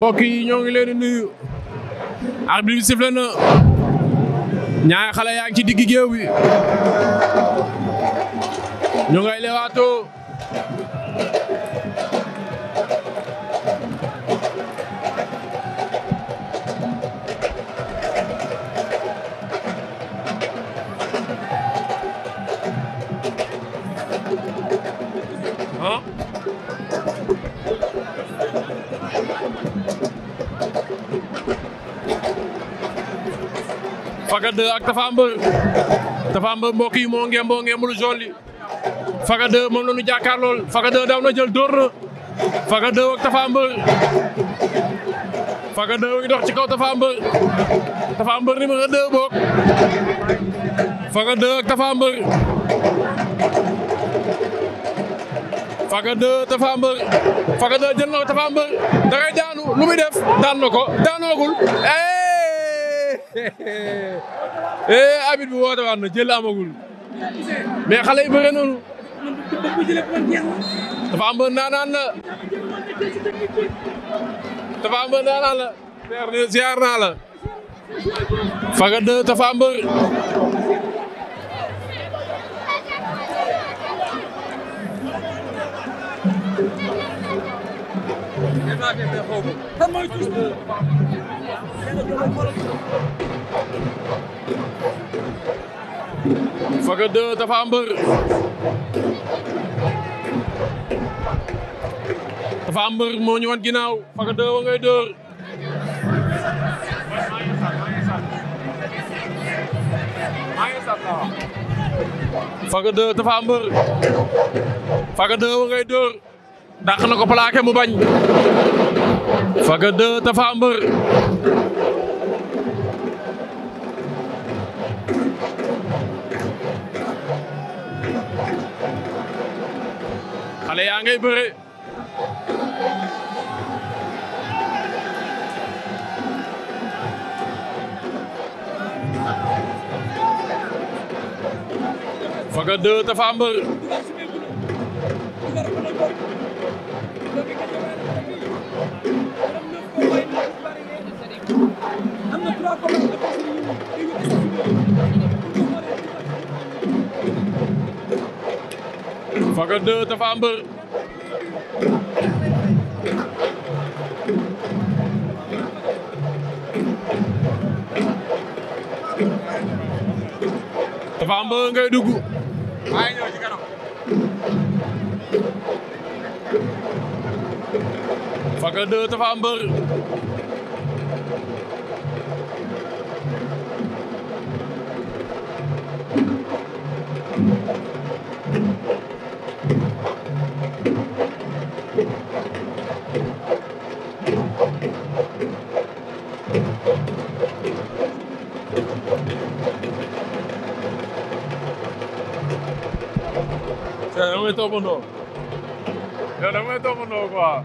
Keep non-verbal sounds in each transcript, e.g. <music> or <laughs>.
mbokk yi ñoo ngi leen di nuyu arbitre bi sifflé xale yaa ngi ci digg géew bi ñu ngay lewaatoo Faga 2 ak Tapha Mbeur Tapha Mbeur mbokk yi moo ngeen moo ngeen mulu jaune li Faga moom la ñu jàkkaar lool Faga daaw na jël dóor na ak Tapha Mbeur Faga 2 ngi dox ci kaw Tapha Mbeur Tapha Mbeur ak Tapha Mbeur jël na ko Tapha Mbeur da muy def daan na ko daanoogul eh! eh, eh, eh abit bi woote waat na jël amagul mais xale yi bëre noonu dafa am ba naanaan la dafa am ba naanaan la ziar naa la faga de dafa am bër kan mooy tuus bi Feugueu 2 moo ñu wan ginnaaw Feugueu 2 wa ngay dóor Feugueu 2 Tapha Mbeur Feugueu 2 wa ngay dóor dàq na ko plaqué mu bañ Faga 2 Tapha Mbeur xale yaa bëre Faga 2 Tapha Mbeur Faga 2 Tapha Mbeur Tapha Mbeur ngay dugg ay ñëw ci kanam Faga may toppandoo. yow da nga may toppandoo quoi.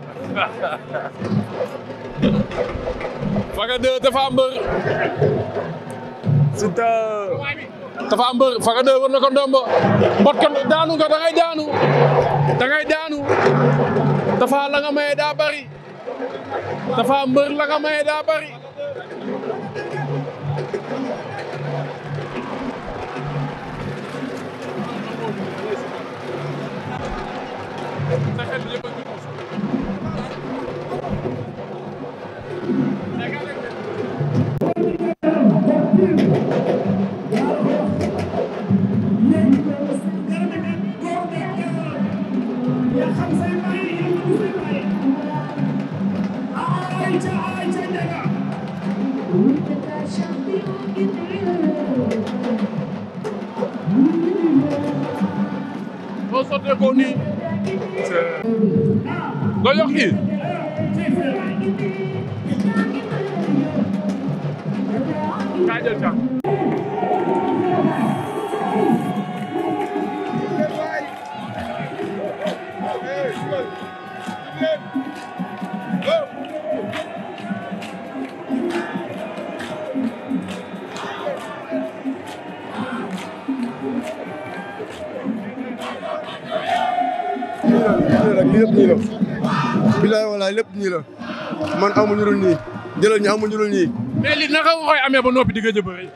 Faga 2 Tapha Mbeur. war na ko bot ko daanu nga da daanu. da ngay daa bari. Tapha Mbeur la daa bari. sottee ko nii. nga yëpp ñii la bilaay walaay lépp ñii la man amuñu dul ñii jëlal ñi amuñu dul ñii mais li naka nga koy amee ba noppi di gëj a bëri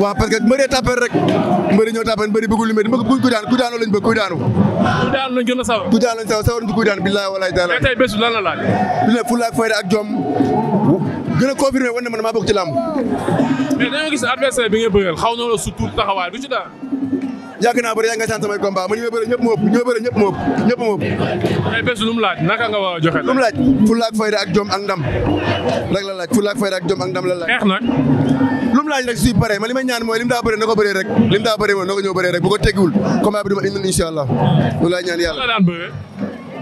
waaw parce que mbëri tapel rek mbëri ñoo tapel mbëri bëggul lu mel bëgg kuy daan kuy daanoo daanu kuy daanu lañ gën a sawar kuy daanu lañ sawar sawar kuy daan bilaay walaay taala fayda ak jom gën a maa bokk ci làmb gis adversaire bi nga bëggal xaw na la su tuut yàgg naa bëri yàgg nga saan samay combat ma ñu may bëri ñëpp ma ëpp ñu may bëri a joxe lu mu laaj fulla ak fayda ak jom ak ndam rek la laaj fulla ak fayda ak jom ak ndam la laaj xeex nag lu mu laaj rek suy paree ma li may ñaan mooy lim daa bëree na ko bëree rek lim daa bëree moom na ko ñëw bëree rek bu ko teggiwul combat bi duma indil incha allah lu laay ñaan yàlla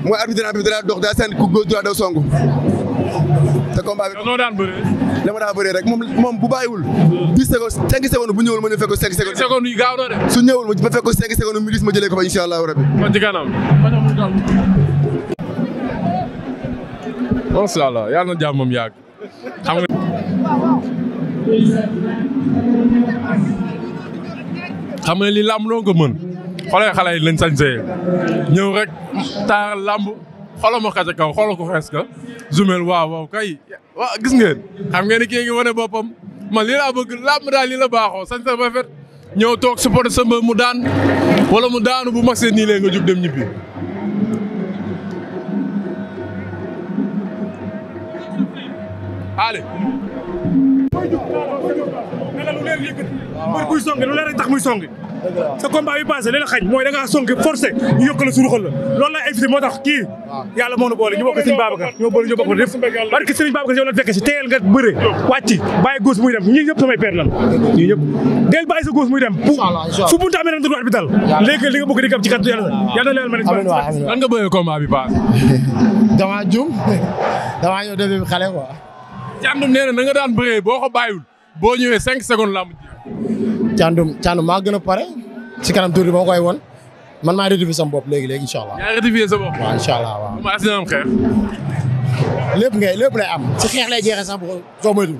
mooy arbitre bi dana dox daa seen ku góor daw song te combat bi dama daa bëree rek moom moom bu bàyyiwul 10 secondes 5 secondes bu ñëwul ma ñu fekk 5 secondes. 5 secondes yu gaaw na de. su ñëwul ma fekk 5 secondes mu dis ma ko fa incha allah yàlla na jàmm moom yàgg xam nga. xam li làmb loo ko mën xoolee xale yi lañ sañ ñëw rek taar làmb. xoolal ma xaj a kaw xoolal ko ka Jumel waaw waaw kay waaw gis ngeen xam ngeen ni kii ngi wane boppam man lii laa bëgg làmb daal lii la baaxoo sañ sa rafet ñëw toog supporter sa mu daan wala mu daanu bu mag seen nii lee nga jóg dem ñibbi. sa combat bi passé li la xañ mooy da ngaa sonk forcé ñu yokk la suñu xol la loolu lay invité moo tax kii yàlla moo nu boole ñu bokk Serigne Babacar ñoo boole ñu bokk def barke Serigne Babacar yow la fekk si teel nga bëre wàcci bàyyi góos muy dem ñii ñëpp samay père lan ñii ñëpp del bàyyi sa góos muy dem fu buntu amee ran da doit bi dal léegi li nga bëgg di gam ci kàttu yàlla yàlla na leen ma ne lan nga bëgg combat bi passé <laughs> damaa jum <laughs> damaa ñëw depuis xale quoi jàmm nee na nga daan bëree boo ko bàyyiwul boo ñëwee cinq secondes lamb Thiandoum Thiandoum maa gën a pare ci kanam tuuti ba ma koy won man maa rétifié sama bopp léegi léegi incha allah. yaa rétifié maa si am xeex. lépp ngay lépp lay am. ci xeex lay jeexee sax bu ko soo moytu.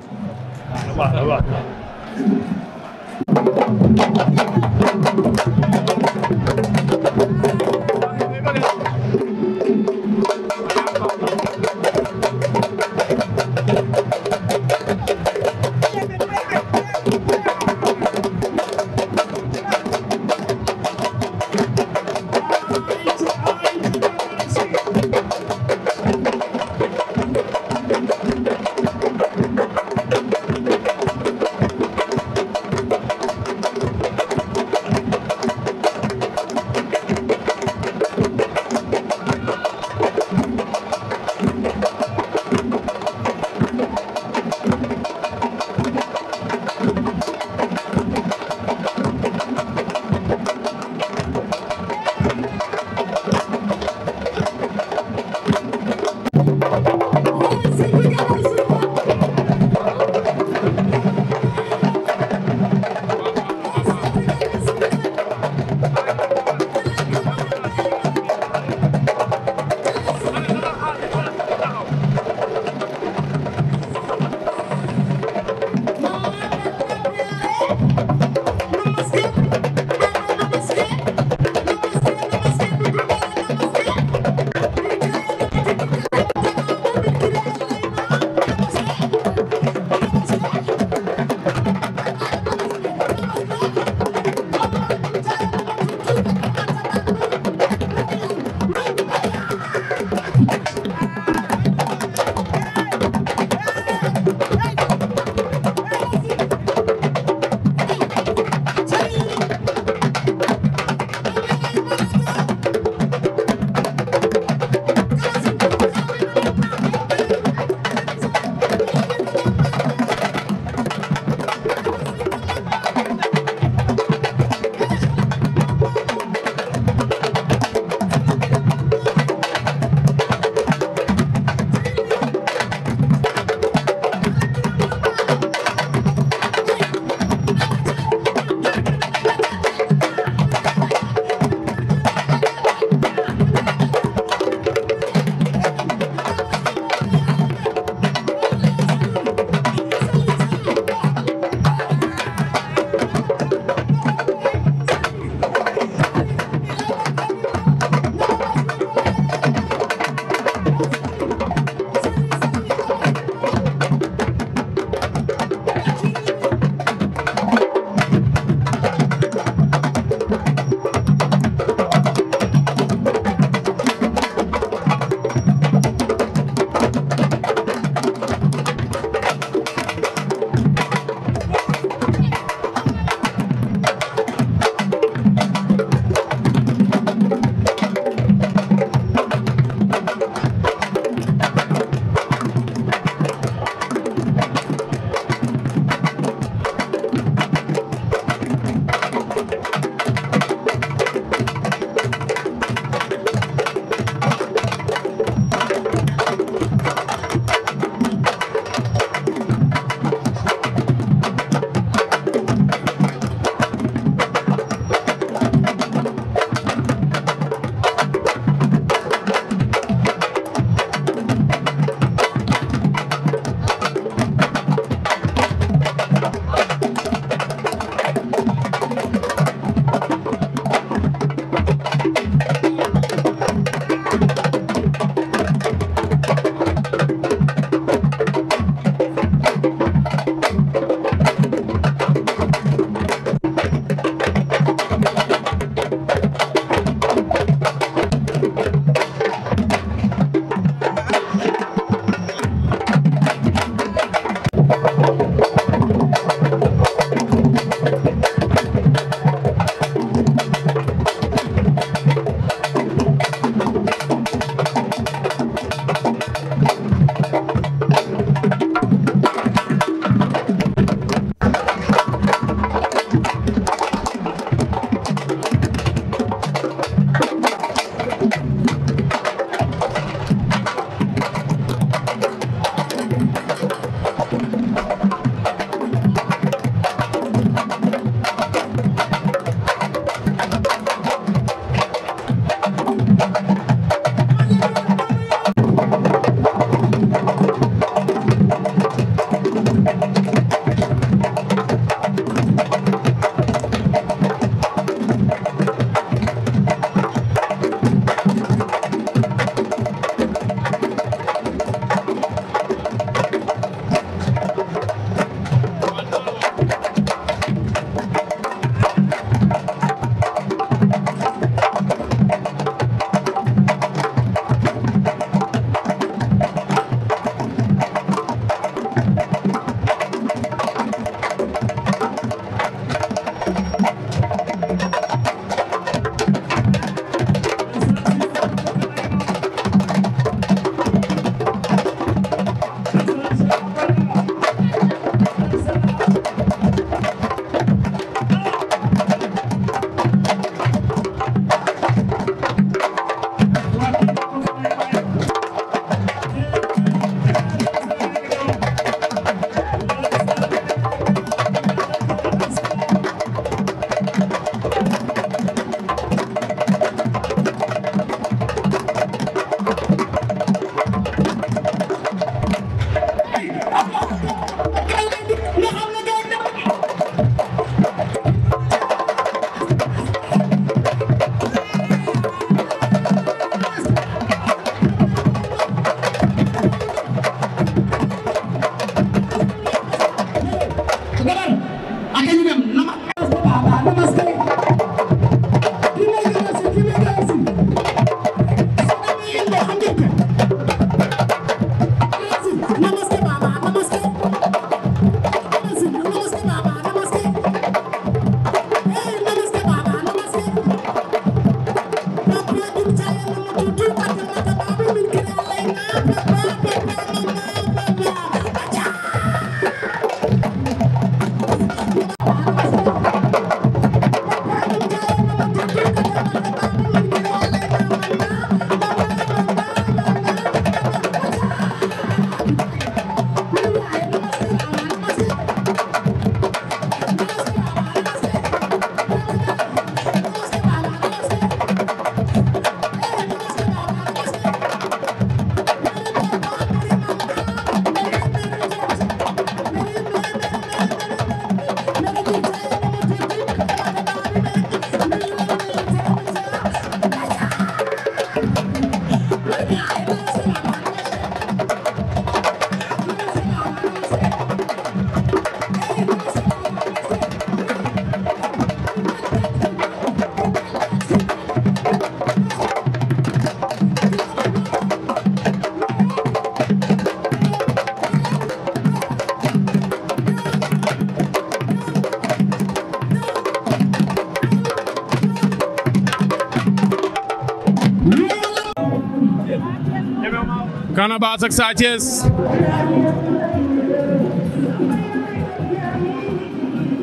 Ada Bass ak Sa Thiès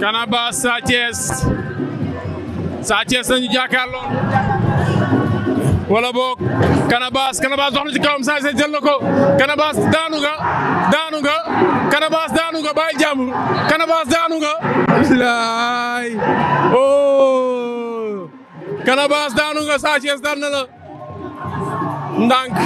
Ada Bass Sa Thiès Sa Thiès nañu jàkkaarloo wala boog Ada Bass Ada Bass dox na ci kawam Sa Thiès jël na ko Ada Bass daanu nga daanu nga Ada Bass daanu nga bàyyi jàmbur Ada Bass daanu nga bilaay oh Ada Bass daanu nga Sa Thiès daan na la ndànk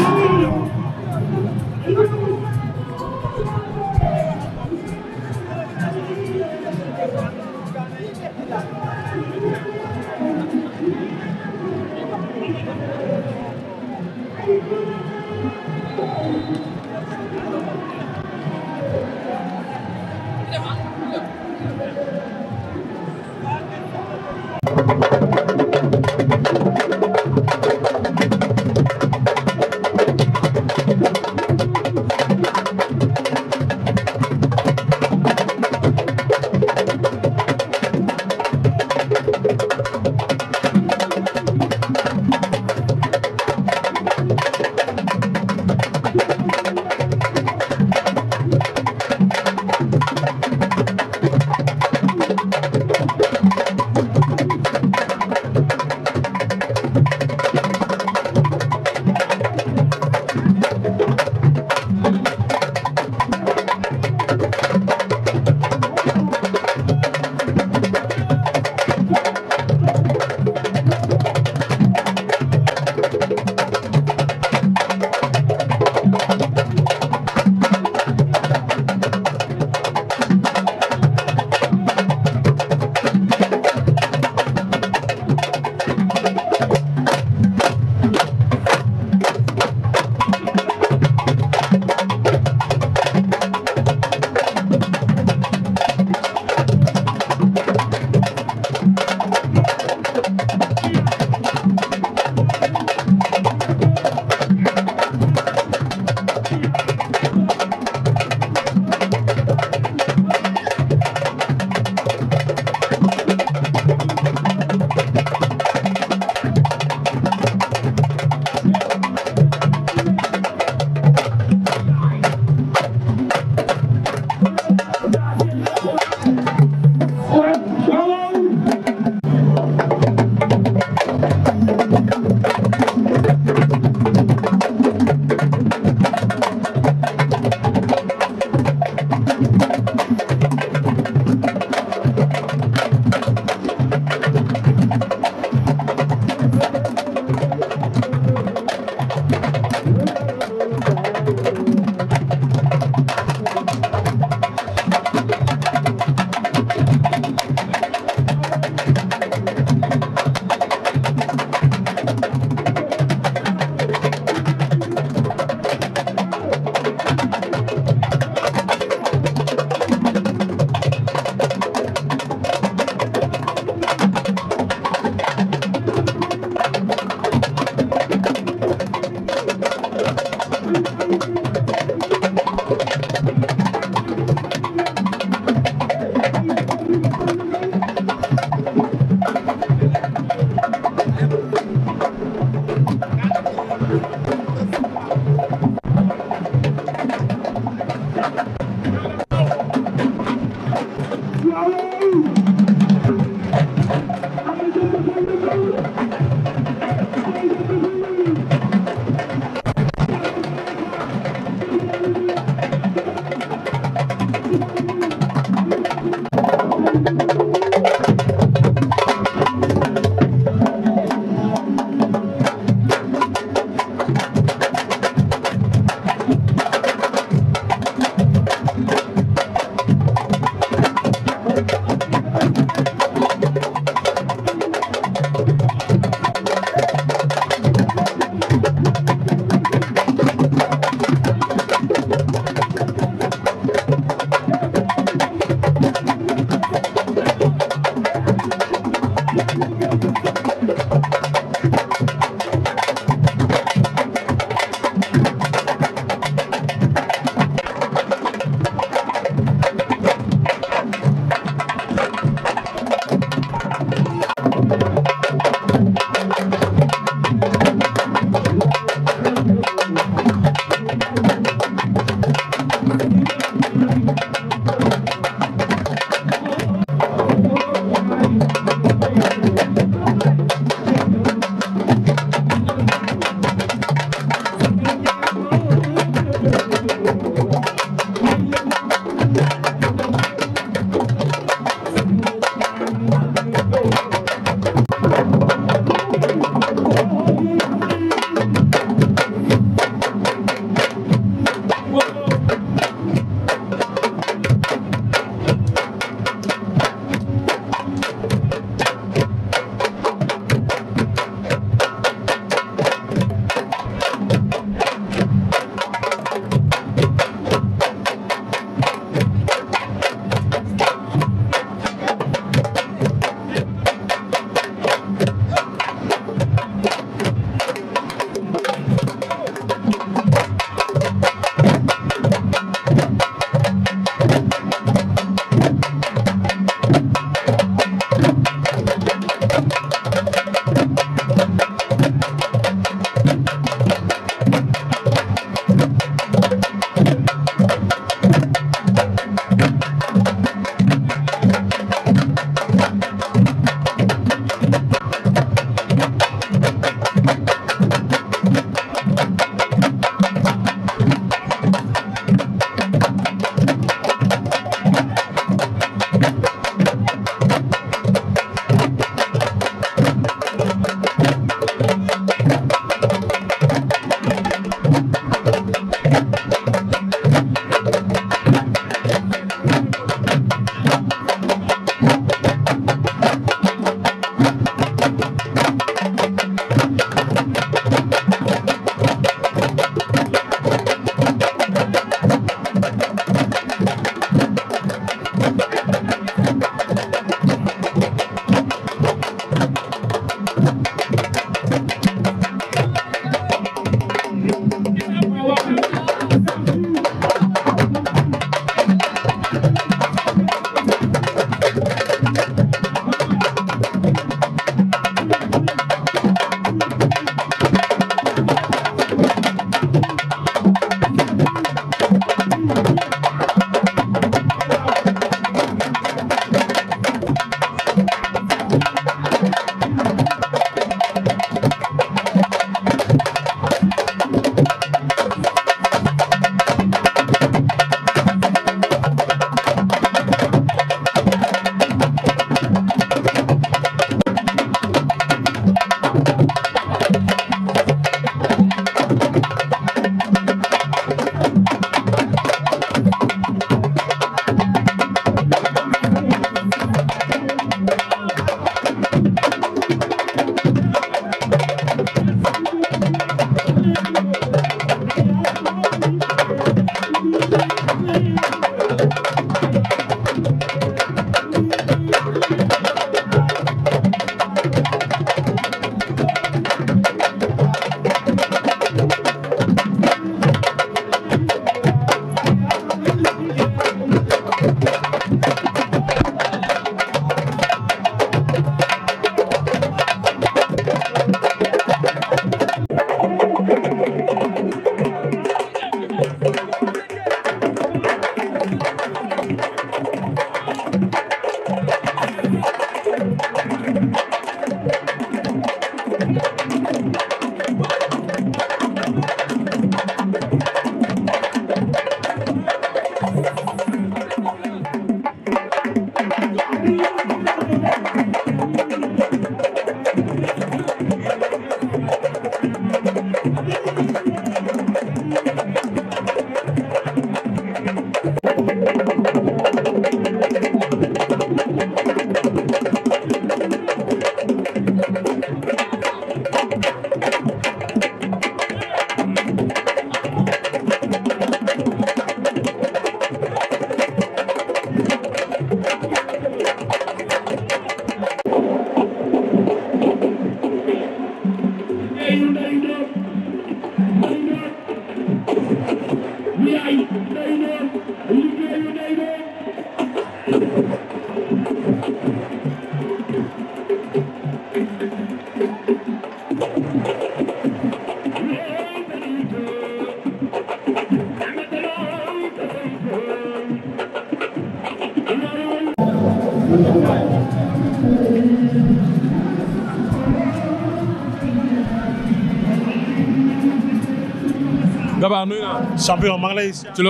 Moustapha nuyu naa. champion maa ngi lay. ci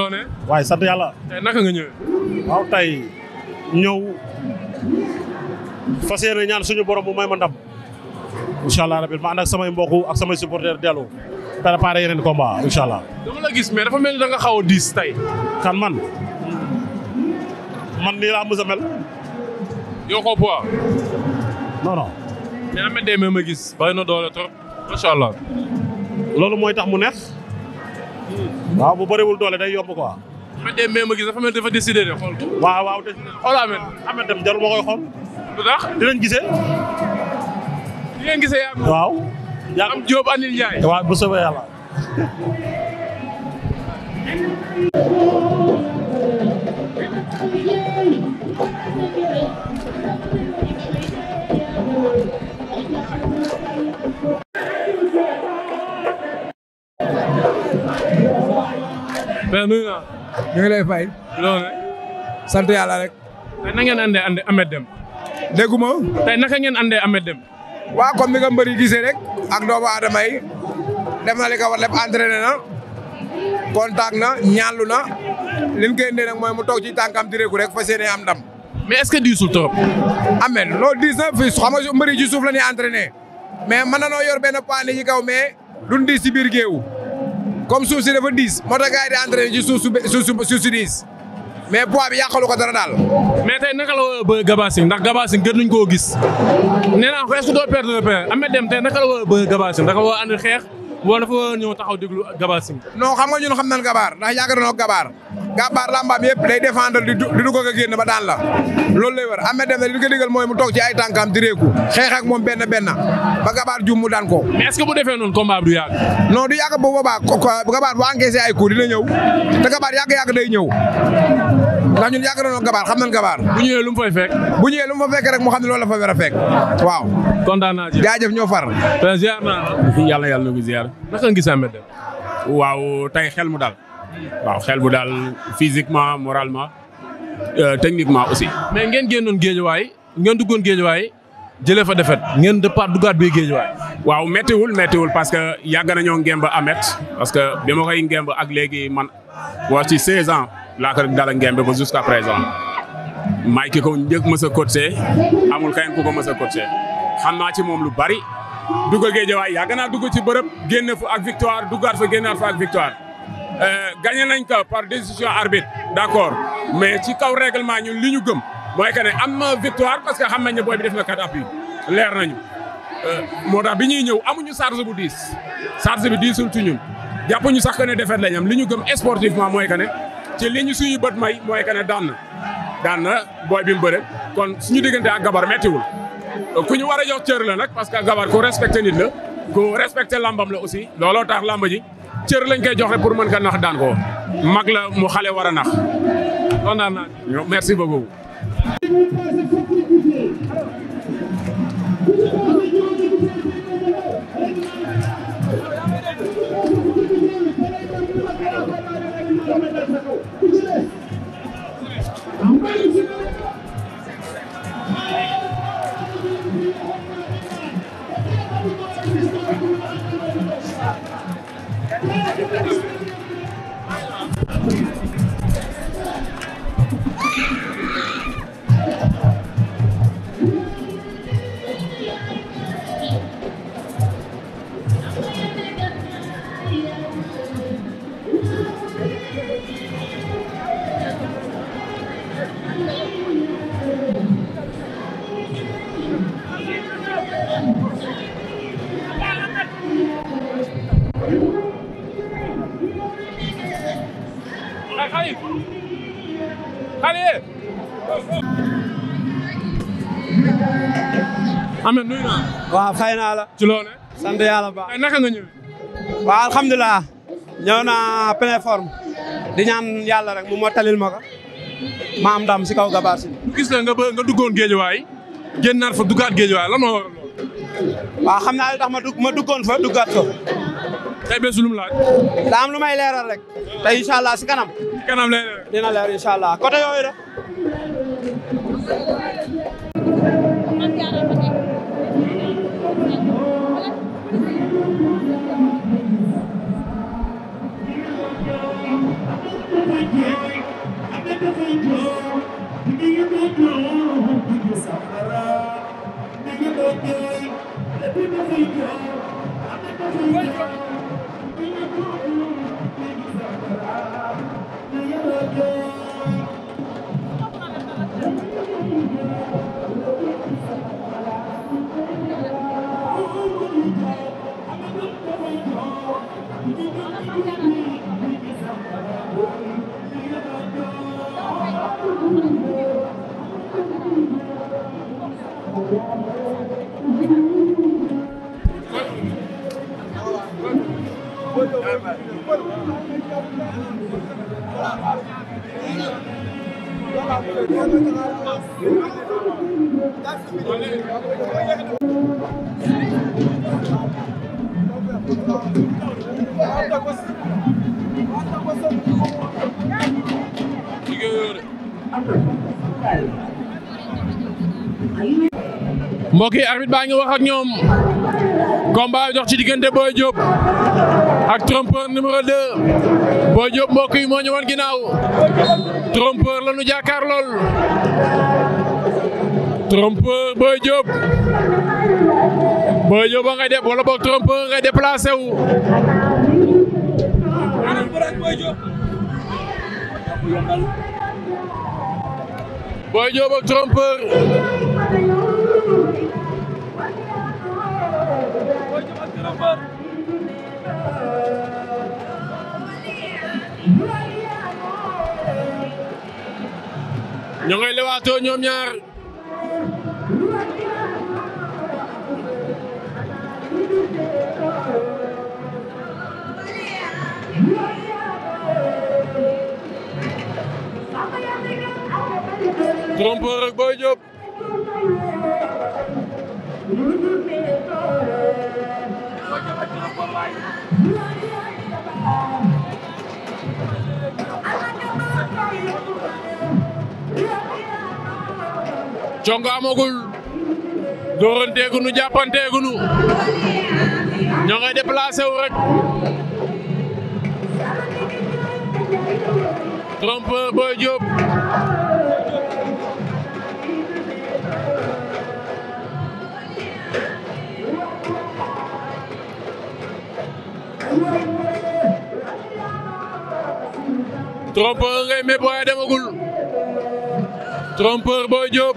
waaye sant yàlla. naka nga ñëwee. waaw tey ñëw fas yéene ñaan suñu borom may ma ndam. incha allah rabi ma ànd ak samay mbokk ak samay supporters dellu. préparé yeneen combat incha allah. dama la nga xaw a diis tey. kan man. man nii laa mës yoo ko poids. non non. mais Ahmed ma gis. bari na doole trop loolu mooy tax mu neex. waaw bu bëriwul doole day yomb ko bu dee gis dafa mel dafa décidé de xool. waaw waaw xool Ahmed. Ahmed dem jarul ma koy xool. lu tax dinañ gisee. dinañ gisee yaa waaw. yaa am Diop Anil Ndiaye. waaw bu soobee yàlla. père nuyu ngi lay fay. loolu. sant yàlla rek. tey na ngeen andee ande Ameth Deme. déggu ma. tey naka ngeen andee Ameth Deme. waaw comme ni nga mbëri rek. ak doomu aadama yi. def na li ko war lépp entraîné na. contact na ñaanlu na. li ñu koy mooy mu toog ci tànkam di réeku rek fas yéene am ndam. mais est-ce que diisul trop. Ameth loolu diis na fii xam nga mbëri ci suuf la ñuy entraîné. mais mën na noo yor benn paane ci kaw mais duñ diis ci biir géewu. comme suuf si dafa diis moo tax gars di entraîné ci suuf su suuf si diis ko dara daal. mais tey naka la war a bëri Gabassing ndax Gabassing gën nañu koo gis nee naa ko doo perdre le pain Ameth Deme tey naka la war a bëri Gabassing da nga war xeex. wala dafa war a ñëw taxaw déglu Gabar Singh. non xam nga xam nañ Gabar ndax yaakaar naa Gabar Gabar làmbaam yëpp day défendre di di dugg ak génn ba daan la loolu lay war Ahmed Deme li ko digal mooy mu toog ci ay tànkam di réeku xeex moom benn benn ba Gabar juum mu daan ko. mais est-ce que bu defee noonu combat bi du yàgg. non du yàgg bu boobaa Gabar bu encaissé ay coups dina ñëw te Gabar yàgg-yàgg day ñëw. ndax ñun yaakaar gabaar xam nañ gabaar. bu ñëwee lu mu fay fekk. bu ñëwee lu mu fa fekk rek mu xam ne loolu la fa war a fekk waaw. kontaan <laughs> naka nga gis Ahmed Deme. waaw tey xel mu daal. waaw xel mu daal physiquement moralement euh, techniquement aussi. mais ngeen génnoon géejawaay ngeen duggoon géejawaay jëlee fa defet ngeen départ duggaat bi géejawaay. waaw méttiwul méttiwul parce que yàgg nañoo ngemb Ahmed parce que bi ma koy ngemb ak léegi man waaw ci 16 an laa ko dala ngemb ba jusqu'à présent. maay ki ko njëkk mës a coaché amul kayen ku ko mës a coaché xam ci moom lu bari. dugg Géejawaay yàgg naa dugg ci bërëb génn fa ak victoire duggaat fa génnaat fa ak victoire. Euh, gagné nañ ko par décision arbitre d'accord mais ci kaw règlement ñun li ñu gëm mooy que ne am na victoire parce que xam nañ ne booy bi def na quatre appuis leer nañu. Euh, moo tax bi ñuy ñëw amuñu charge bu diis charge bi diisul ci ñun jàppuñu sax que ne defet lañ am li ñu gëm sportivement mooy que ne ci li ñu suñu bët may mooy que ne daan na na booy bi mu bëre kon suñu diggante ak gabar méttiwul. ku ñu war a jox cër la nag parce que Gabar ku respecté nit la ku respecté lambam la aussi looloo tax lamba ji cër lañ koy joxe pour mën ko nax daan ko mag la mu xale war a nax loolu naan naa merci beaucoup. Allez Ahmed nuyu naa. naa la. ci loolu. sant yàlla bu baax naka nga ñëw. waaw alhamdulilah. ñëw naa pleine di ñaan yàlla rek mu mottalil ma ko. ma am ndam si kaw gabaar si. gis la nga ba nga duggoon géejuwaay. génnaat fa duggaat géejuwaay lan moo waral loolu. waaw xam naa li tax ma duggoon fa duggaat ko. tey bésu lu mu lu may leeral rek. te si kanam. mbokk yi arbitre baa ngi wax ak ñoom combat bi dox ci diggante Boy Diop ak trompeur numéro 2 Boy Diop mbokk yi moo ñëwoon ginnaaw trompeur la nu jàkkaar lool trompeur Boy Diop Boy Diop a ngay def wala boog trompeur ngay déplacé wu Boy Diop ak trompeur Boy Diop ak trompeur ñoo ngay lewaatoo ñoom ñaar congo amagul dóoranteegunu ñoo ngay déplacé wu rek trompeur Boy Diop trompeur ngay trompeur Boy Diop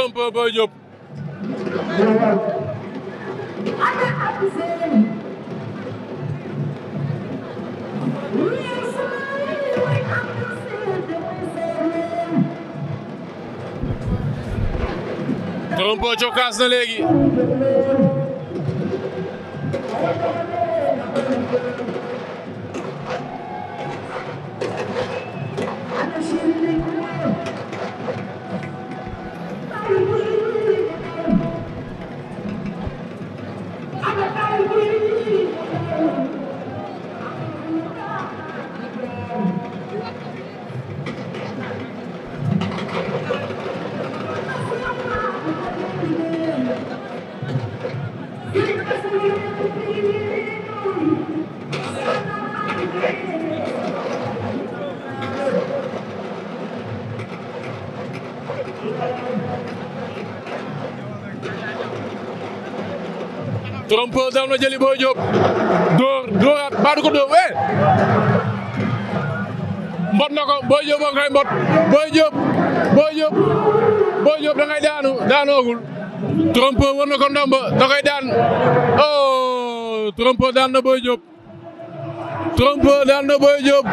trompe Boy Diop trompe cokkaas na léegi daw na jëli Boy Diop dóor dóoraat baa du ko dóor wee eh! mbot na ko Boy Diop moo mbot Boy Diop Boy Diop Boy Diop da ngay daanu daanoogul Trompo war na ko ndomba daan oh Trompo daan na Boy Diop Trompo daan na Boy Diop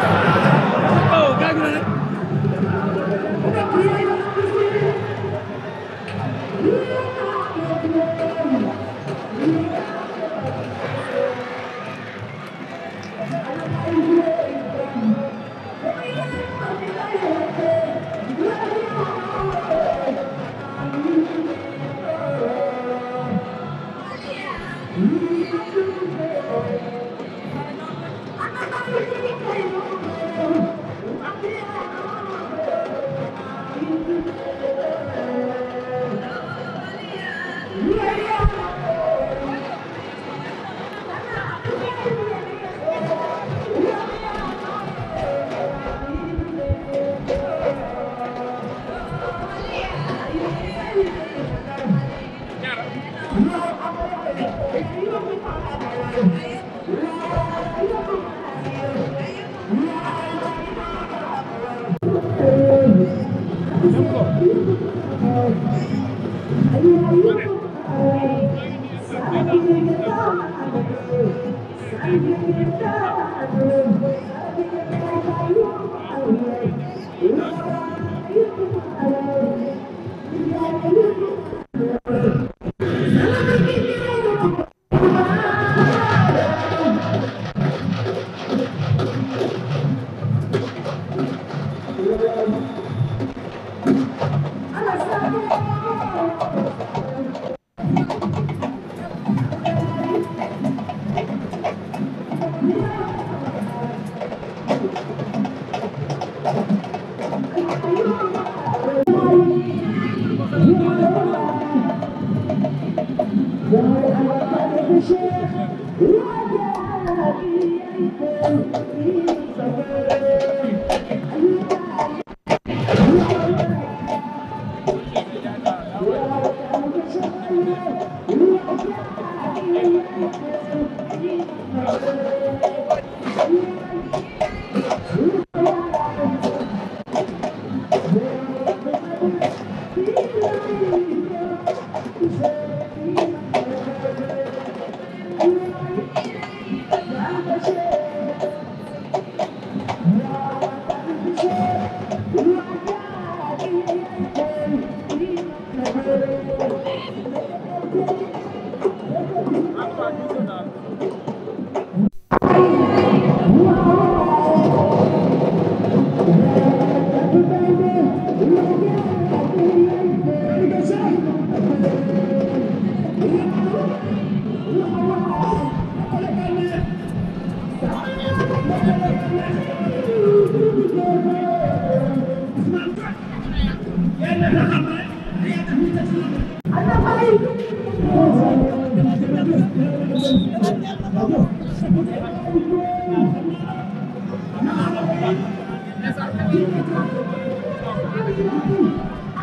Thank you.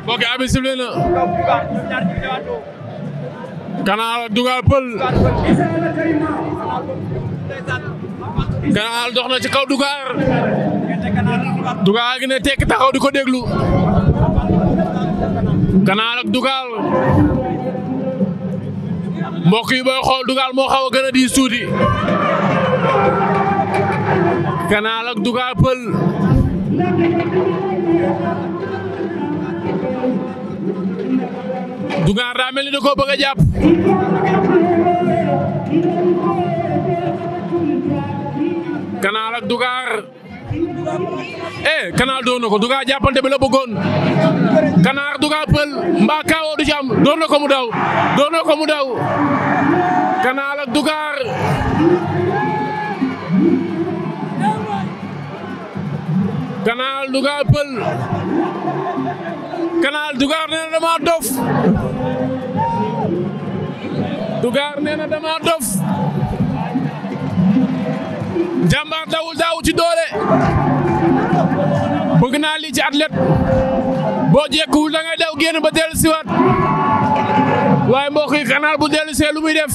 mbokk yi abi sifflé na ci kaw Dougar Dougar gi ne tekki taxaw di ko déglu Canal ak Dougar mbokk yi xool Dougar moo xaw gën a diis tuuti Canal ak Dougar Peul Dougar daa mel ni da koo bëgg a jàpp ak Dougar eh Canal doon na ko Dougar jàppante bi la bëggoon Canal Dougar Peul mbaa kaawoo du ci am ko mu daw doon ko mu daw Canal ak Dougar Canal Dougar Peul Canal dama dof Dougar nee na dama dof jàmbaar dawul daawu ci doole bëgg naa lii ci athlète boo jekkuwul da ngay daw génn ba dellu siwaat waaye mbokk yi Canal bu dellu see lu muy def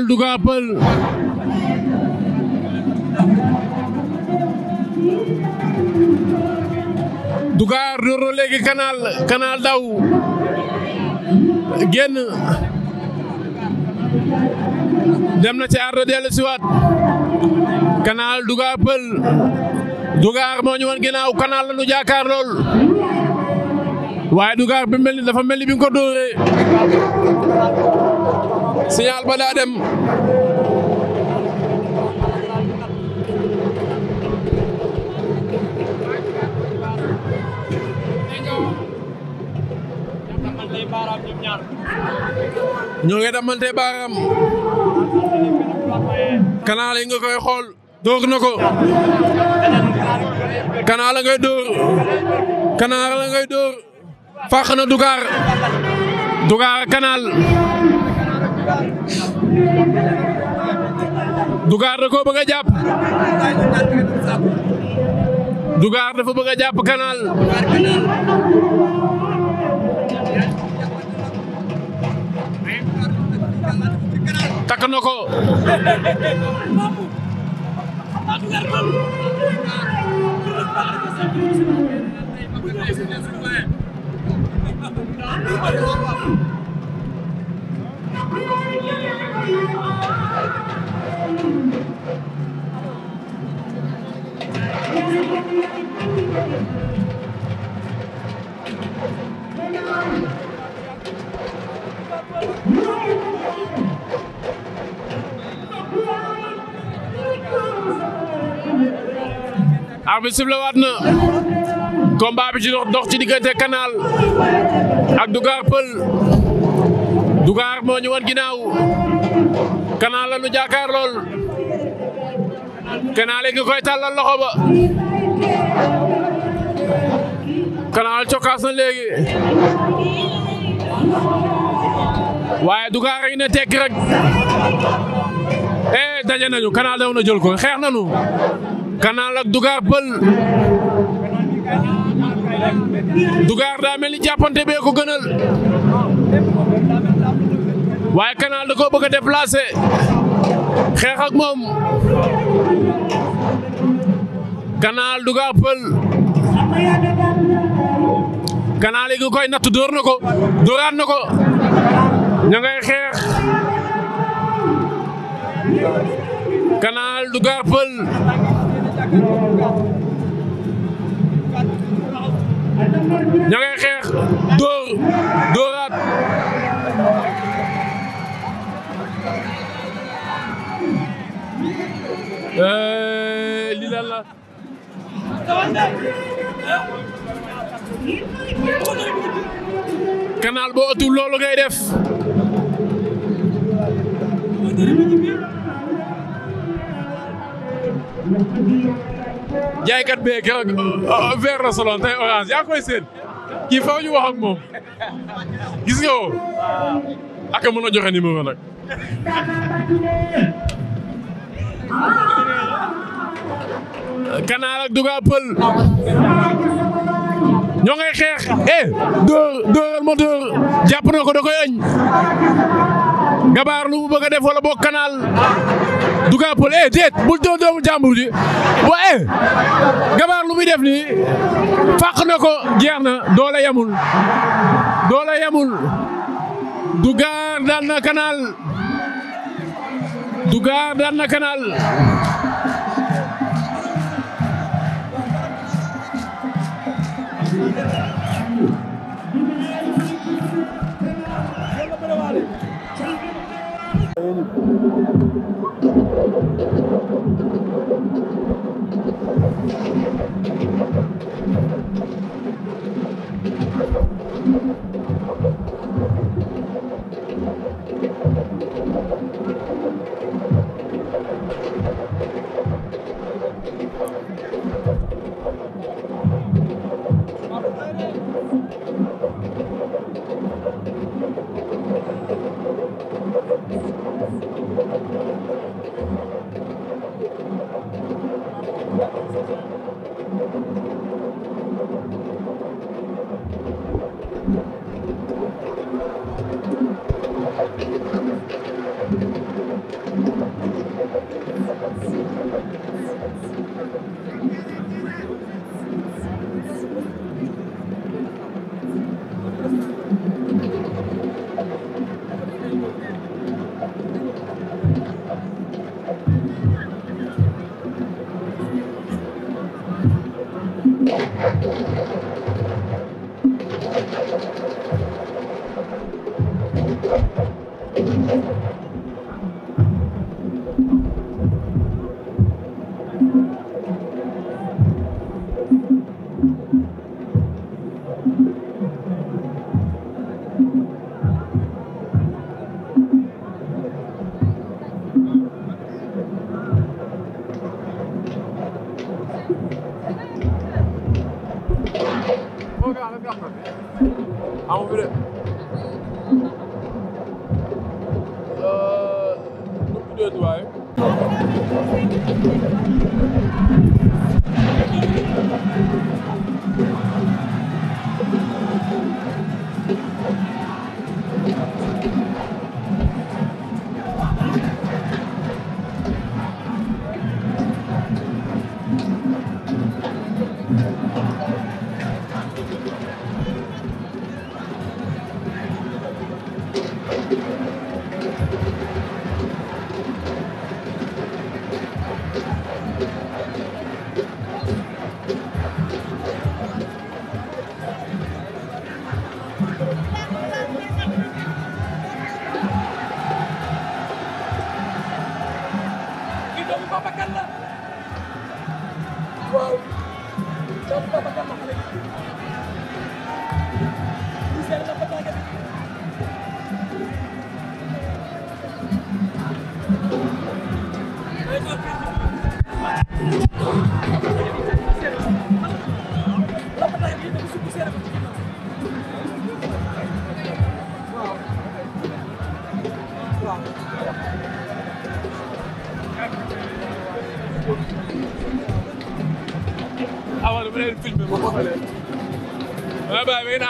Peul Dougar Peul Dougar door na léegi canal canal daw génn dem na ci ardo dellu siwaat canal Dougar Peul Dougar moo ñu woon ginnaaw canal la nu jaakaar lool waaye Dougar bi mel dafa mel ni bi nga signal ba daa dem ñoo ngi damante baaraam kanaal yi nga koy xool dóor na ko kanaal la ngay dóor kanaal la ngay dóor fàq na dugaar dugaar kanaal Dugaar da koo bëgg a jàpp. bu dafa bëgg a jàpp Canal. takk na ko. <laughs> arbitre sifflé waat na combat bi ci dox dox ci diggante Canal ak Dougar Peulh Dugar moo ñu woon ginnaaw Kana la nu jàkkaar lool Kana léegi koy tàllal loxo ba Kana cokkaas na léegi waaye Dugar rek ne tekki rek eh daje nañu Kana daw na jël ko xeex nañu Kana ak Dugar pël Dugar daa mel ni jàppante bee waaye Canal du koo bëgg a déplacé xeex ak moom Canal du ga pël Canal léegi koy natt dóor na ko dóoraat na ko ña ngay xeex Canal du ga pël ña ngay xeex dóor dóor Euh, li lan la. canal boo loolu ngay def. jaaykat bee keroog euh, euh, vert la soloon tey orange yaa koy seen kii faw ñu wax ak moom gis nga woo. ak a mën a joxe numéro nag. Kanaar ak Douga Peul ñoo ngay xeex eh dóor dóoral ma dóor na ko da koy añ gabaar lu mu bëgg a def wala boog Kanaar Douga Peul eh déet bul dóor doomu jàmbur ji wa eh gabaar lu muy def nii fàq na ko jeex na doole yamul doole yamul Douga daan na Kanaar Dougar daan na Canal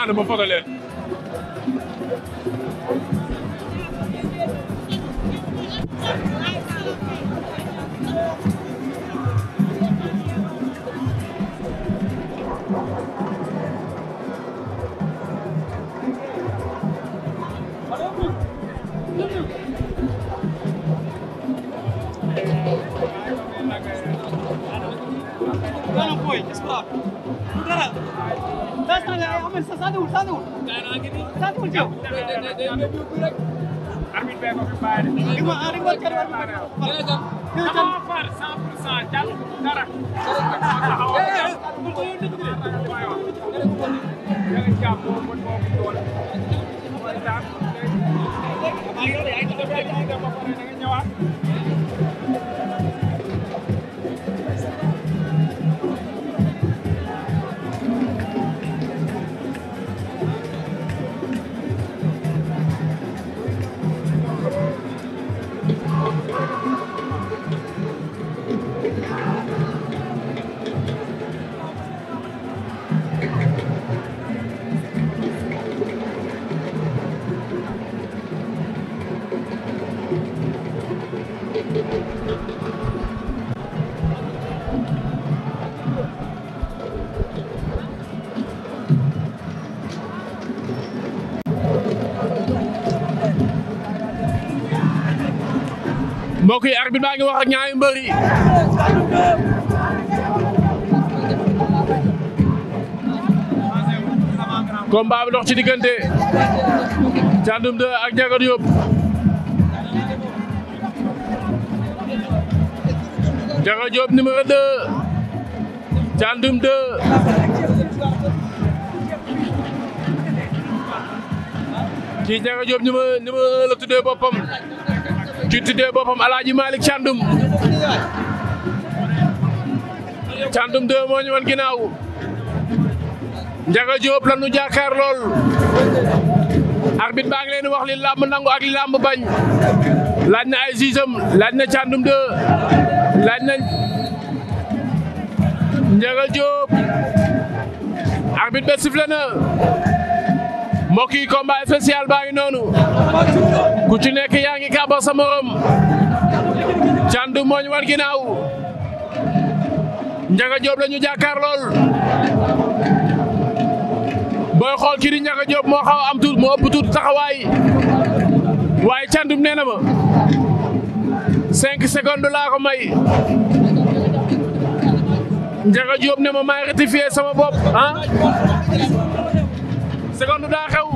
naa dama foto leen mbokk yi arbitre maa ngi wax ak ñaari mbër yi combat bi ci diggante Thiandoum 2 ak Ndiaga Diop Ndiaga Diop numéro 2 Thiandoum 2 kii Ndiaga Diop numéro numéro la tuddee ki tuddee boppam Alaaji Malick Thiandoum Thiandoum deux moo ñu wan ginnaaw Ndiaga Diop la nu lool arbit baa ngi leen wax li làmb nangu ak li làmb bañ laaj na ay siisam laaj na Thiandoum deux laaj na Ndiaga Diop arbitre ba sifflé mbokk yi combat spécial baa ngi noonu ku ci nekk yaa ngi kàbba sa morom candu mooñ war ginaaw Ndiaga Diop la ñu jàkkaar booy xool kii di Ndiaga moo xaw am tuut moo ëpp taxawaay waaye candum nee na ma cinq secondes laa ko may Ndiaga Diop ne ma maay rectifier sama bopp ah seconde daa xew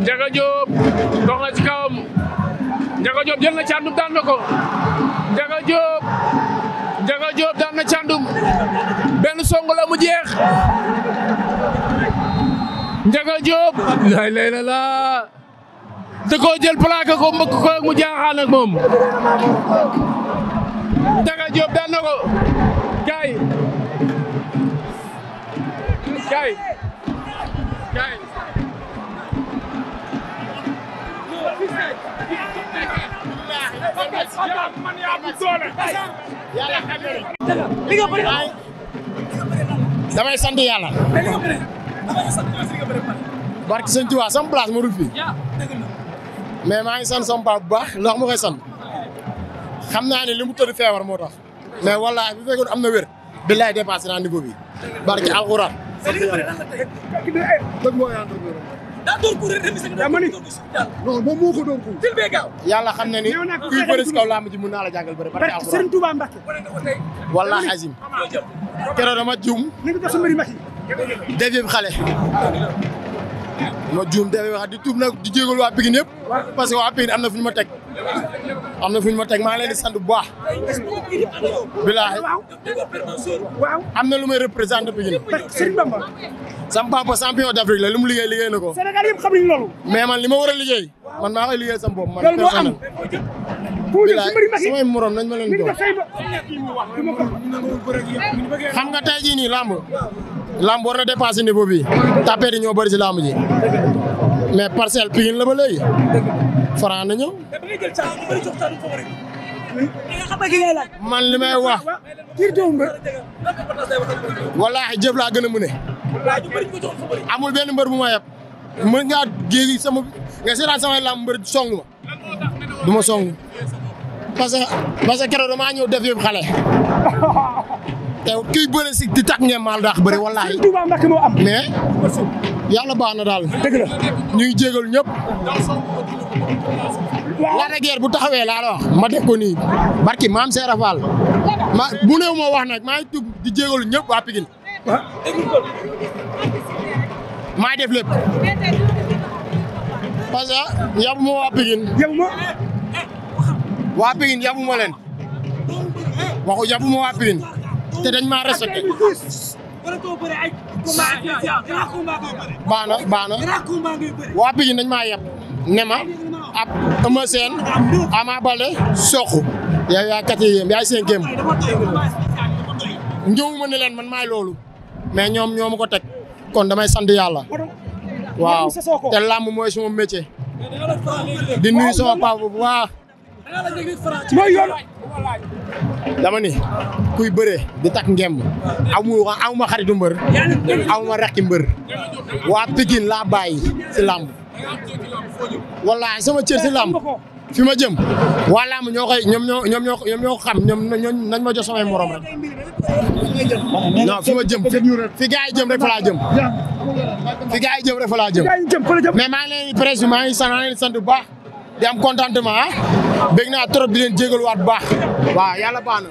Ndiaga Diop dox na ci kawam jël na càndum daan na ko Ndiaga Diop Ndiaga Diop daan na càndum benn song la mu jeex Ndiaga Diop lay lay da koo jël plaqué ko mbëkk ko mu ak moom. Daga Diop daan na ko kaay kaay kaay. damay sant yàlla. barke sëñ Tuubaa sama place ma dul fii. mais maa ngi sant sama bu baax ndax mu koy sant xam naa ne li mu tëdd feebar moo tax mais wallaahi bu fekkoon am na wér billaay dépassé xam na ni kuy bëri si ma ji mën naa la jàngal bëri. barke alxuraan Serigne Touba Mbacke. xale. ma juum dafay waxaat di tuub nag waa Pikine yëpp parce que waa Pikine am na fu ñu ma teg am na fu ñu ma teg maa ngi leen di sant bu bilaahi am na lu may représenté Pikine. sam papa champion d'Afrique la lu mu liggéey liggéey na ko. Sénégal yëpp xam nañu man li ma war a liggéey man maa koy liggéey sam bopp man. personnel bilaay samay morom nañ ma leen jox xam nga tey jii lamb war na dépassé niveau bi tapé ñoo bëri si lamb ji mais parcelle Pikine la ba léegi Franc na ñëw. man li may wax. wallaahi jëf laa gën a mën amul benn mbër bu ma yeb. mën ngaa géegi sama nga seetaan samay lamb mbër song ma song parce que parce que keroog damaa ñëw def yëpp xale. te kiy bëre si di tax maal daax bëri wallaahi. mais yàlla baax daal. dëgg la ñu ngi jégalu ñëpp. waaw bu taxawee laa la wax ma def ko nii barki maam Seera Fall ma bu néew moo wax nag maa ngi tub di jégalu ñëpp waa def lépp parce yabuma waa Pikine. yabuma. waa yabuma leen waxu yabuma waa Pikine. te dañ maa respecté. baana baana waa Pikine dañ maa ne ma ab Eumeu Ama Baldé Sokh yow yaay quatrième yaay cinquième njëwuma ne leen man maay loolu mais ñoom ñoo ma ko teg kon dama sant yàlla waaw te làmb mooy suma métier di nuyu sama papa bu baax mooy yoon dama ni kuy bëree di takk ngemb amu amu ma xaritu mbër ma rakki waa Pikine laa bàyyi si làmb wallaahi sama cër si làmb fi ma jëm waa làmb ñoo koy ñoo nañ ma jox morom rek non fi ma jëm fi gars jëm rek fa jëm fi gars jëm rek fa jëm mais maa leen di presse maa ngi sant maa di am contentement ah bëgg naa trop di leen jégaluwaat bu baax waaw yàlla baax na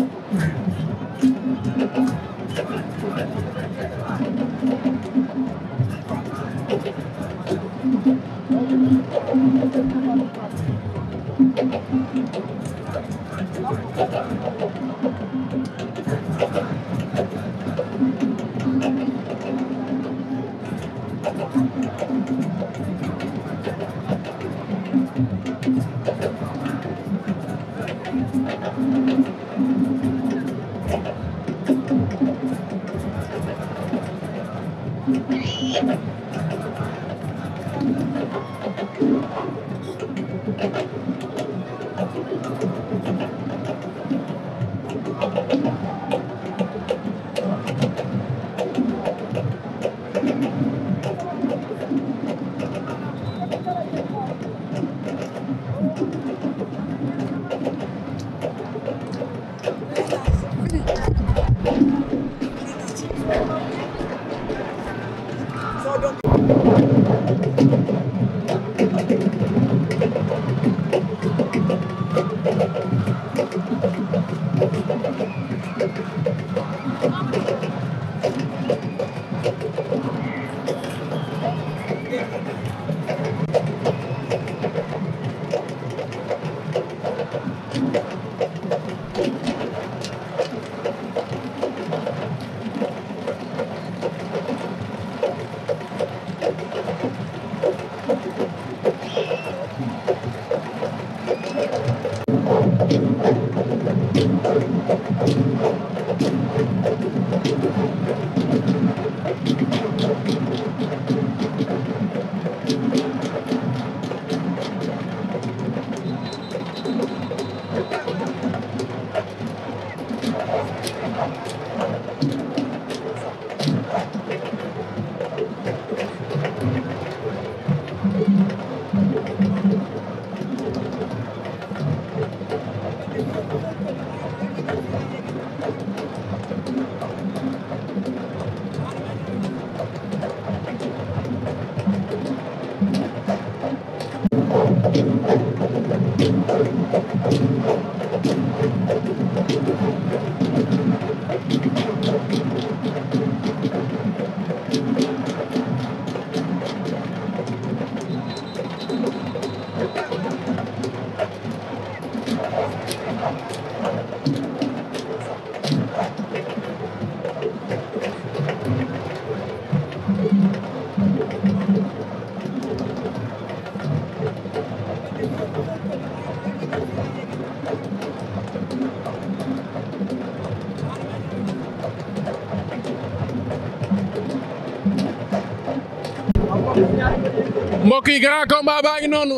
mbokk yi grand combat baa ngi noonu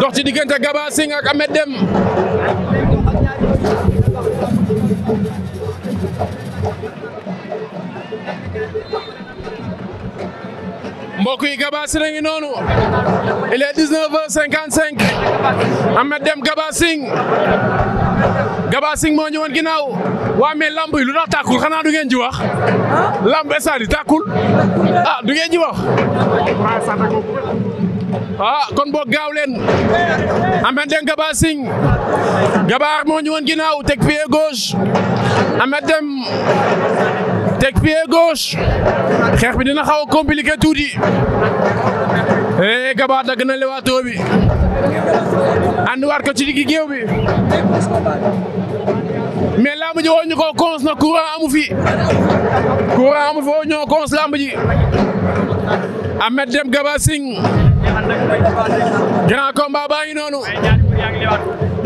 dox ci diggante Gabbar Singh ak Ahmed Deme mbokk yi Gabbar Singh a ngi noonu moo ñëwoon ginnaaw waa mais lamb yi lu tax tàkkul xanaa du ngeen ji wax lamb estade yi tàkkul ah du ngeen ji wax ah kon boog gaaw leen Ameth Dème Gabbar Singh Gabbar moo ñu woon ginnaaw teg pied gauche Ameth Dème teg pied gauche xeex bi dina xaw a compliqué tuuti eh Gabbar dagg na lewaatoo bi ànd ko ci diggi géew bi ji woo ñu ko cons na courant amu fi courant amu fi woo ñoo cons lamb ji Ahmed Gaba Singh grand combat baa ngi noonu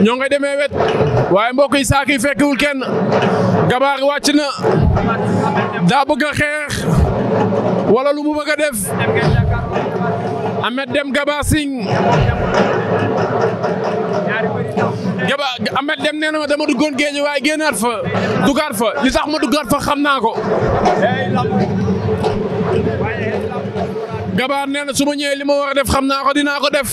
ñoo ngi demee wet waaye mbokk yi saak yi fekkiwul kenn gabaar wàcc na daa bëgg xeex wala lu mu bëgg a def Ahmed Deme Gaba Singh Geba Ahmed dem nee na ma dama duggoon géej waaye génnaat fa duggaat fa li tax ma duggaat fa xam naa ko. Geba nee na su ma ñëwee li ma war a def xam naa ko dinaa ko def.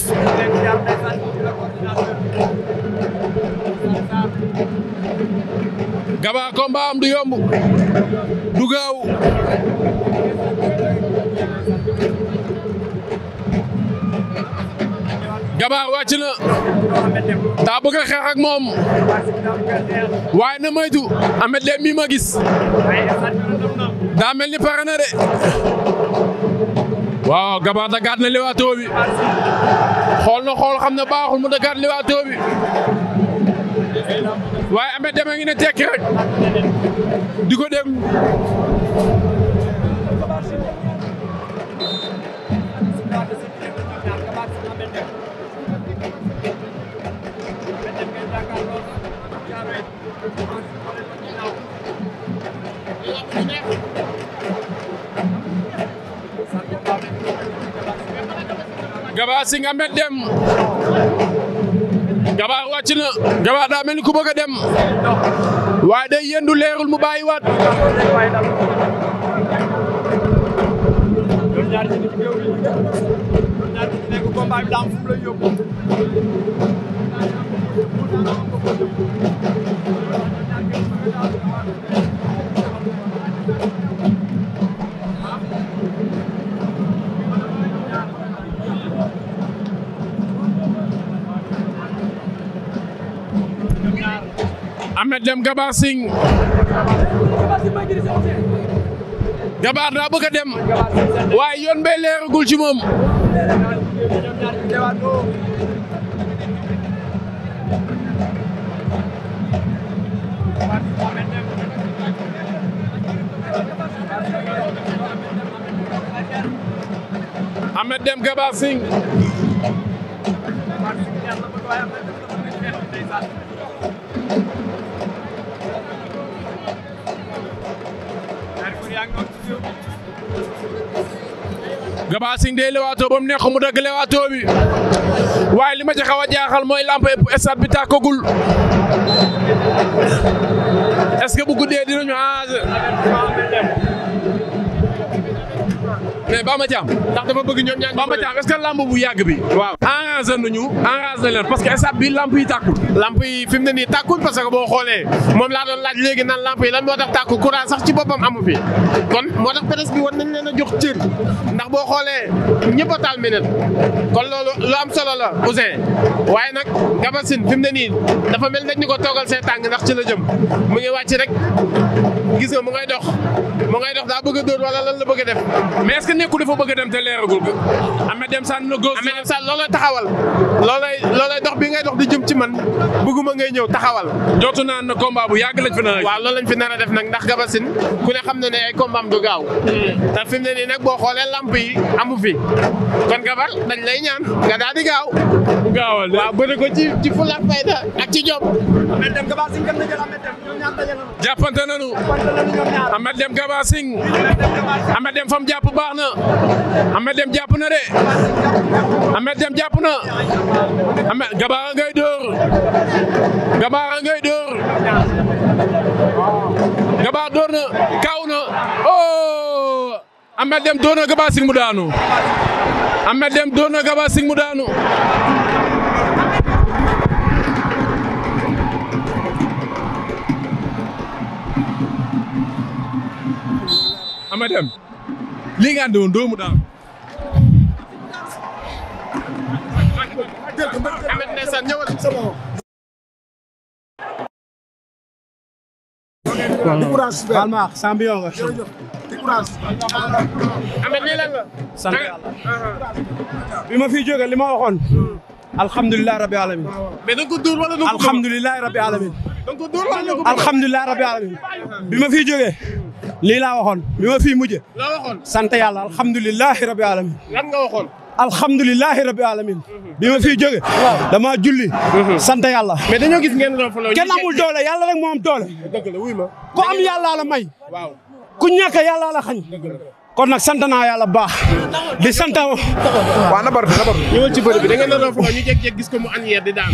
Geba combat am du yomb du Gabbar wàcc na daa bëgg a xeex ak moom waaye na moytu Amet Leen mi ma gis daa mel ni pare na de waaw Gabbar dagaat na lewaatoo bi xool na xool xam na baaxul mu dagaat lewaatoo bi waaye Amet Dem a ngi tekki rek di ko dem Gabbar Singh Ahmed Deme Gabbar wàcc na Gabbar mel ni ku bëgg a dem waaye day yendu leerul mu bàyyiwaat. Ahmed Deme Gabar Singh Gabar daa bëgg a dem waaye yoon bee leeragul ci moom. Gabbar Singh day lewaatoo ba mu neex mu dagg lewaatoo waaye li ma ci xaw a jaaxal mooy lamp stade bi tàkkagul est-ce que bu guddee dinañu aase. Bamba Thiam ndax dafa bëgg ñoom ñaar Bamba Thiam est-ce que lamb bu yàgg bi waaw enragé nañu enragé na leen parce que stade bi lamp yi tàkkul lamp yi fi mu ne nii tàkkul parce que boo xoolee moom laa doon laaj léegi naan lamp yi lan moo tax tàkkul courant sax ci boppam amu fi kon moo tax presse bi war nañ leen a jox cër ndax boo xoolee ñëpp a taal minute kon loolu lu am solo la waaye nag Gabassine fi ne nii dafa mel dañ ñu ko toogal see tàng ndax ci la jëm mu ngi wàcc rek gis nga mu ngay dox mu ngay dox daa bëgg a dóor la bëgg a ku dafa bëgg a dem te leeragul ko. Ahmed Deme Sane na taxawal. loolay dox bi ngay dox di jëm ci man bëgguma ngay ñëw taxawal. jootu naa na combat bu yàgg lañ fi nar a. waaw loolu fi nar a def nag ndax gabasin ku ne xam na ne ay combat am du gaaw. Hmm. te fi ne nii nag boo xoolee lamp yi amu fi kon gabar dañ lay ñaan nga daal di gaaw. bu gaawal de waaw bëri ko ci ci fulla fayda ak ci jom. Ahmed Deme a kan la jël Ahmed Deme ñoom na. jàppante nañu. baax na. Amet Dem jàpp na de Amet Dem jàpp na Amet Gabaara ngay dóor Gabaara ngay dóor Gabaar dóor na kaaw na oh Amet Dem dóor na Gabaar sing mu daanu Amet Dem lii nga andi woon doomu ma wax la. sant yàlla. bi ma fiy jógee li ma waxoon. alhamdulilah rabi alamin. mais da ko dóor wala da nga ko alamin. da nga alamin. bi ma fiy jógee. lii laa waxoon bi ma fii mujjee. laa waxoon sant yàlla alhamdulilahi rabi alamin lan nga waxoon. alhamdulilahi rabi alamin bi ma fii jóge dama julli. Mhm. sant yàlla. mais dañoo gis ngeen kenn amul doole yàlla rek moo am doole. dëgg la wuy am yàlla la may. waaw ku ñàkk yàlla la xañ. kon nag sant naa yàlla baax di sant. waaw na bar na bar. ñëwal ci bëri bi da ngeen gis ko mu an di daan.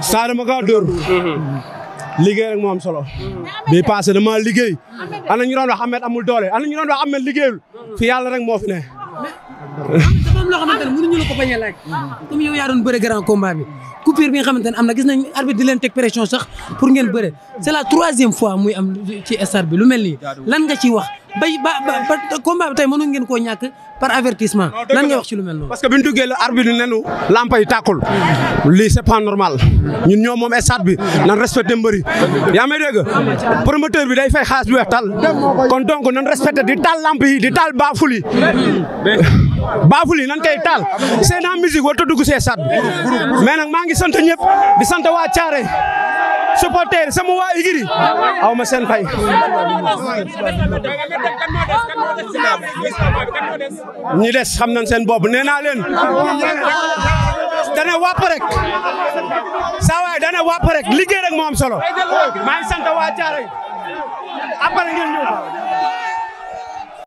saa dama kaa dóor. Mhm. liggéey rek moo am solo. bii passé dama liggéey. am na ñu doon wax amul doole am na ñu doon wax Ahmed liggéeyul. fi yàlla rek moo fi ne. am na loo xamante ne mënuñu ñu ko bañ a laaj. comme yow yaa doon bëre grand combat bi coupure bi nga xamante am na nañ arbitre di leen teg pression sax pour ngeen bëre c'est la troisième fois muy am ci stade bi lu mel nii lan nga ciy wax bay ba bi tey mënoon ngeen koo ñàkk par avertissement lan nga wax ci lu mel noonu. parce que bi ñu duggee la arbitre lampa yi tàkkul lii c'est pas normal ñun ñoo moom stade bi nan respecté mbëri yaa may dégg bi day fay xaalis tal kon donc nan respecté di taal lamp di taal baaful yi baafuli nan koy taal seen en musique warut a dugg see stade bi mais nag maa ngi sant ñëpp di sant waa Thiaré supporter sama waa Igiri aw ma seen fay. ñi des xam nañ seen bopp nee naa leen. dana wàpp rek saa waay dana liggéey rek moo solo maa